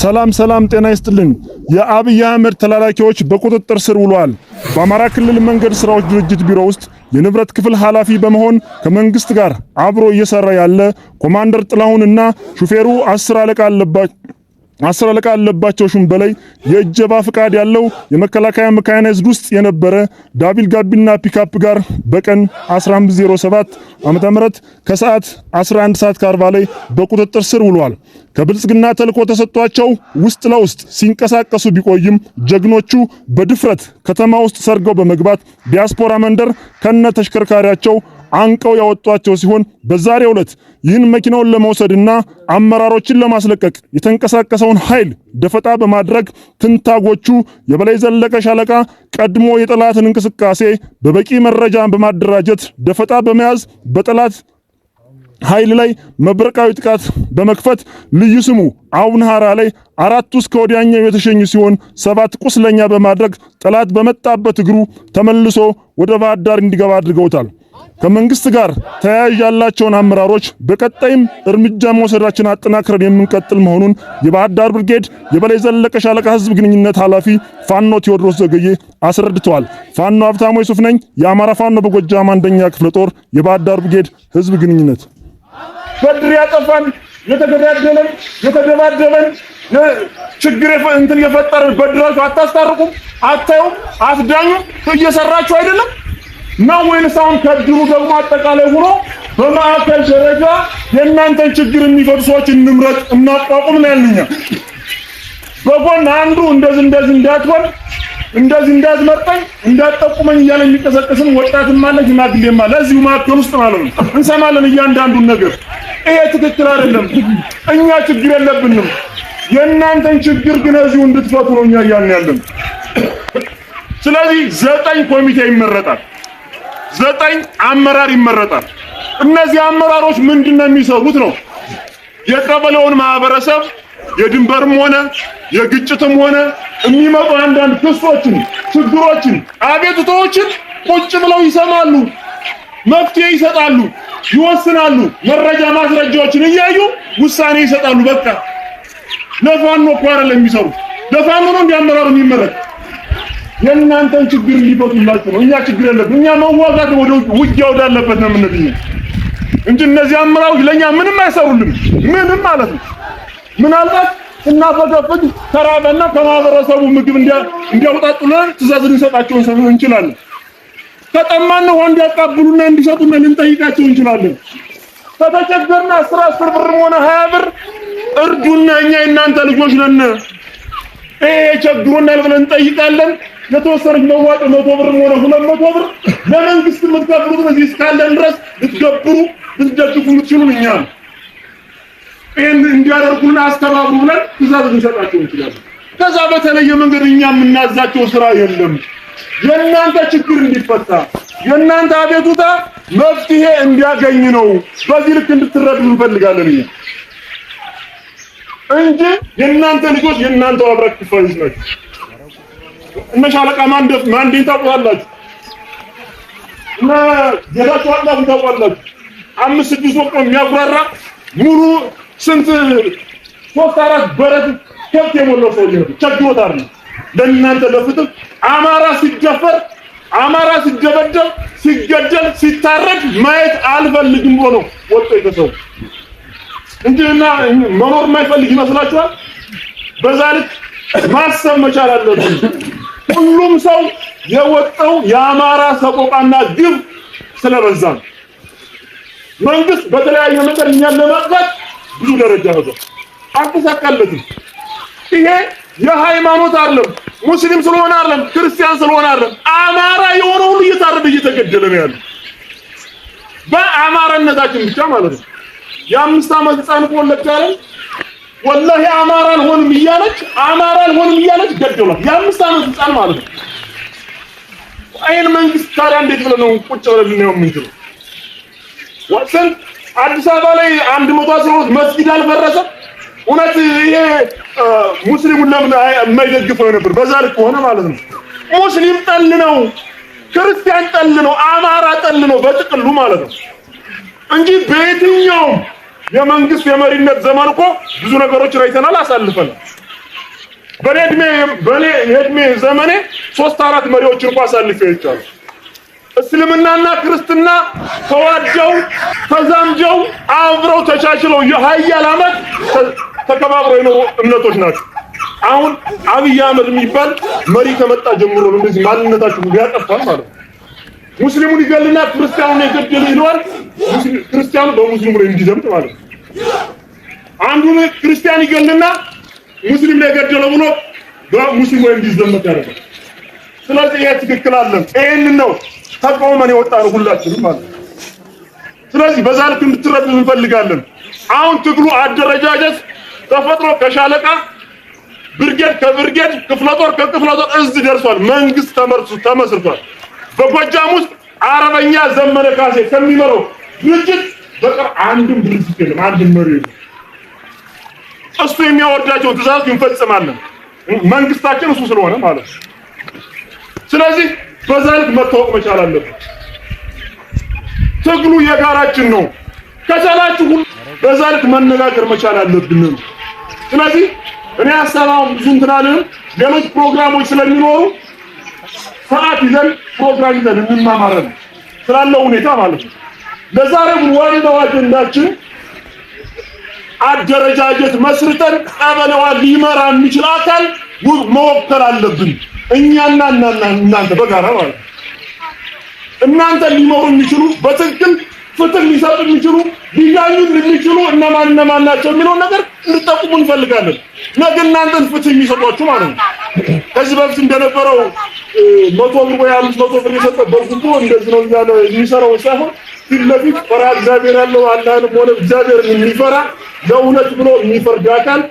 ሰላም ሰላም፣ ጤና ይስጥልን። የአብይ አህመድ ተላላኪዎች በቁጥጥር ስር ውለዋል። በአማራ ክልል መንገድ ስራዎች ድርጅት ቢሮ ውስጥ የንብረት ክፍል ኃላፊ በመሆን ከመንግስት ጋር አብሮ እየሰራ ያለ ኮማንደር ጥላሁንና ሹፌሩ አስር አለቃ አለባቸው አስር አለቃ አለባቸው ሹም በላይ የእጀባ ፍቃድ ያለው የመከላከያ መካናይዝድ ውስጥ የነበረ ዳቢል ጋቢና ፒካፕ ጋር በቀን 1507 ዓመተ ምህረት ከሰዓት 11 ሰዓት ከአርባ ላይ በቁጥጥር ስር ውሏል። ከብልጽግና ተልኮ ተሰጥቷቸው ውስጥ ለውስጥ ሲንቀሳቀሱ ቢቆይም ጀግኖቹ በድፍረት ከተማ ውስጥ ሰርገው በመግባት ዲያስፖራ መንደር ከነ ተሽከርካሪያቸው አንቀው ያወጧቸው ሲሆን በዛሬው ዕለት ይህን መኪናውን ለመውሰድና አመራሮችን ለማስለቀቅ የተንቀሳቀሰውን ኃይል ደፈጣ በማድረግ ትንታጎቹ የበላይ ዘለቀ ሻለቃ ቀድሞ የጠላትን እንቅስቃሴ በበቂ መረጃ በማደራጀት ደፈጣ በመያዝ በጠላት ኃይል ላይ መብረቃዊ ጥቃት በመክፈት ልዩ ስሙ አቡነ ሐራ ላይ አራት ውስጥ ከወዲያኛው የተሸኙ ሲሆን ሰባት ቁስለኛ በማድረግ ጠላት በመጣበት እግሩ ተመልሶ ወደ ባህር ዳር እንዲገባ አድርገውታል። ከመንግስት ጋር ተያያዥ ያላቸውን አመራሮች በቀጣይም እርምጃ መውሰዳችን አጠናክረን የምንቀጥል መሆኑን የባህር ዳር ብርጌድ የበላይ ዘለቀ ሻለቃ ህዝብ ግንኙነት ኃላፊ ፋኖ ቴዎድሮስ ዘገዬ አስረድተዋል። ፋኖ ሀብታሙ ይሱፍ ነኝ። የአማራ ፋኖ በጎጃም አንደኛ ክፍለ ጦር የባህር ዳር ብርጌድ ህዝብ ግንኙነት በድር ያጠፋን የተገዳደለን የተደባደበን ችግር እንትን የፈጠረን በድራችሁ አታስታርቁም፣ አታዩም፣ አትዳኙም እየሰራችሁ አይደለም ነው ወይንስ አሁን ከድሩ ደግሞ አጠቃላይ ሆኖ በማዕከል ደረጃ የእናንተን ችግር የሚፈቱ ሰዎች እንምረጥ እናቋቁም ነው ያልኛ። በጎን አንዱ እንደዚህ እንደዚህ እንዳትሆን እንደዚህ እንዳትመርጠኝ እንዳትጠቁመኝ እያለ የሚቀሰቀስን ወጣትም አለ ሽማግሌም አለ። እዚሁ መካከል ውስጥ ማለት ነው እንሰማለን እያንዳንዱን ነገር። ይሄ ትክክል አይደለም። እኛ ችግር የለብንም። የእናንተን ችግር ግን እዚሁ እንድትፈቱ ነው እኛ እያልን ያለን። ስለዚህ ዘጠኝ ኮሚቴ ይመረጣል። ዘጠኝ አመራር ይመረጣል። እነዚህ አመራሮች ምንድን ነው የሚሰሩት ነው የቀበሌውን ማህበረሰብ የድንበርም ሆነ የግጭትም ሆነ የሚመጡ አንዳንድ ክሶችን፣ ችግሮችን፣ አቤቱታዎችን ቁጭ ብለው ይሰማሉ፣ መፍትሄ ይሰጣሉ፣ ይወስናሉ። መረጃ ማስረጃዎችን እያዩ ውሳኔ ይሰጣሉ። በቃ ለፋኖ እኮ አይደለም የሚሰሩት ለፋኖ ነው እንዲያመራሩ የሚመረጥ የእናንተን ችግር እንዲፈቱላችሁ ነው። እኛ ችግር የለብን። እኛ መዋጋት ወደ ውጊያ ወዳለበት ነው የምንድኝ እንጂ እነዚህ አምራዎች ለእኛ ምንም አይሰሩልን፣ ምንም ማለት ነው። ምናልባት ስናፈገፍግ ተራበና ከማህበረሰቡ ምግብ እንዲያውጣጡልን ትእዛዝ ልንሰጣቸውን እንችላለን። ከጠማን ውሃ እንዲያቃብሉና እንዲሰጡን ልንጠይቃቸው እንችላለን። ከተቸገርና አስር አስር ብርም ሆነ ሀያ ብር እርዱና እኛ የእናንተ ልጆች ነን፣ ይሄ ቸግሮናል ብለን እንጠይቃለን። የተወሰነች መዋጮ መቶ ብርም ሆነ ሁለት መቶ ብር ለመንግስት የምትከፍሉት እዚህ እስካለን ድረስ ልትገብሩ ልትደግፉ ልትችሉ እኛ ይህን እንዲያደርጉና አስተባብሩ ብለን ትእዛዝ ልንሰጣቸው እንችላለን። ከዛ በተለየ መንገድ እኛ የምናዛቸው ስራ የለም። የእናንተ ችግር እንዲፈታ የእናንተ አቤቱታ መፍትሄ እንዲያገኝ ነው። በዚህ ልክ እንድትረዱ እንፈልጋለን እኛ እንጂ የእናንተ ልጆች የእናንተው አብራክ ክፋዮች ናቸው። እነ ሻለቃ ማንደፍ ማንዴን ታውቁታላችሁ፣ እነ ጌታቸው አላፉን ታውቋላችሁ። አምስት ስድስት ወቅት ነው የሚያጉራራ ሙሉ ስንት ሶስት አራት በረት ከብት የሞላው ሰው ይሄዱ ቸግሮታል። ለእናንተ ለፍትህ አማራ ሲደፈር አማራ ሲደበደብ ሲገደል ሲታረድ ማየት አልፈልግም ብሎ ነው ወጥቶ የተሰው እንጂ እና መኖር የማይፈልግ ይመስላችኋል? በዛ ልክ ማሰብ መቻል አለብን። ሁሉም ሰው የወጣው የአማራ ሰቆቃና ግብ ስለበዛ ነው። መንግስት በተለያየ መንገድ እኛን ለማጥፋት ብዙ ደረጃ ሄዷል። አልተሳካለትም። ይሄ የሃይማኖት አይደለም፣ ሙስሊም ስለሆነ አይደለም፣ ክርስቲያን ስለሆነ አይደለም። አማራ የሆነ ሁሉ እየታረደ እየተገደለ ነው ያለው በአማራነታችን ብቻ ማለት ነው። የአምስት ዓመት ህፃን ወላሂ አማራ አልሆንም እያለች አማራ አልሆንም እያለች ገደሏት። የአምስት ዓመት ህፃን ማለት ነው። አይን መንግስት ታዲያ እንዴት ብለን ነው ቁጭ ብለን ልናየው የምንችለው? ስንት አዲስ አበባ ላይ አንድ መቶ አስራ መስጊድ አልፈረሰም። እውነት ይሄ ሙስሊሙን ለምን የማይደግፈው ነበር? በዛ ልክ ሆነ ማለት ነው። ሙስሊም ጠል ነው፣ ክርስቲያን ጠል ነው፣ አማራ ጠል ነው፣ በጥቅሉ ማለት ነው እንጂ በየትኛውም የመንግስት የመሪነት ዘመን እኮ ብዙ ነገሮችን አይተናል፣ አሳልፈናል። በኔ እድሜ በኔ የእድሜ ዘመኔ ሶስት አራት መሪዎች እንኳን አሳልፈ ይቻሉ እስልምናና ክርስትና ተዋደው ተዛምጀው አብረው ተቻችለው የሀያል ዓመት ተከባብረው የኖሩ እምነቶች ናቸው። አሁን አብይ አህመድ የሚባል መሪ ከመጣ ጀምሮ ነው እንደዚህ ማንነታችሁ ያጠፋል ማለት ነው። ሙስሊሙን ይገልና ክርስቲያኑን የገደለ ይለዋል። ክርስቲያኑ በሙስሊሙ ላይ እንዲዘምት ማለት ነው። አንዱን ክርስቲያን ይገልና ሙስሊም ላይ የገደለው ብሎ በሙስሊሙ ላይ እንዲዘመት ያደርጋል። ስለዚህ ይሄ ትክክል አለም። ይሄንን ነው ተቃውመን የወጣ ነው ሁላችንም ማለት ነው። ስለዚህ በዛ ልክ እንድትረዱ እንፈልጋለን። አሁን ትግሉ አደረጃጀት ተፈጥሮ ከሻለቃ ብርጌድ ከብርጌድ ክፍለጦር ከክፍለጦር እዝ ደርሷል። መንግስት ተመርሱ ተመስርቷል። በጎጃም ውስጥ አርበኛ ዘመነ ካሴ ከሚመራው ድርጅት በቀር አንድም ድርጅት የለም፣ አንድም መሪ የለም። እሱ የሚያወርዳቸውን ትእዛዝ እንፈጽማለን። መንግስታችን እሱ ስለሆነ ማለት ነው። ስለዚህ በዛ ልክ መታወቅ መቻል አለበት። ትግሉ የጋራችን ነው። ከቻላችሁ ሁሉ በዛ ልክ መነጋገር መቻል አለብን ስለዚህ እኔ ሀሳባውን ብዙ እንትን ሌሎች ፕሮግራሞች ስለሚኖሩ ሰዓት ይዘን ፕሮግራም ይዘን እንማማረን ስላለው ሁኔታ ማለት ነው። ለዛሬ ዋናው አጀንዳችን አደረጃጀት መስርተን ቀበለዋ ሊመራ የሚችል አካል መወከል አለብን። እኛና እናንተ በጋራ ማለት እናንተ ሊመሩ የሚችሉ በትክክል ፍትህ ሊሰጡ የሚችሉ ሊዳኙት የሚችሉ እነማን እነማን ናቸው የሚለውን ነገር እንድጠቁሙ እንፈልጋለን። ነገ እናንተን ፍትህ የሚሰጧችሁ ማለት ነው። ከዚህ በፊት እንደነበረው መቶ ብር ወይ አምስት መቶ ብር የሰጠበት እንደዚህ ነው እያለ የሚሰራው ሳይሆን ፊት ለፊት ፈራ እግዚአብሔር ያለው አላህንም ሆነ እግዚአብሔርን የሚፈራ ለእውነት ብሎ የሚፈርድ አካል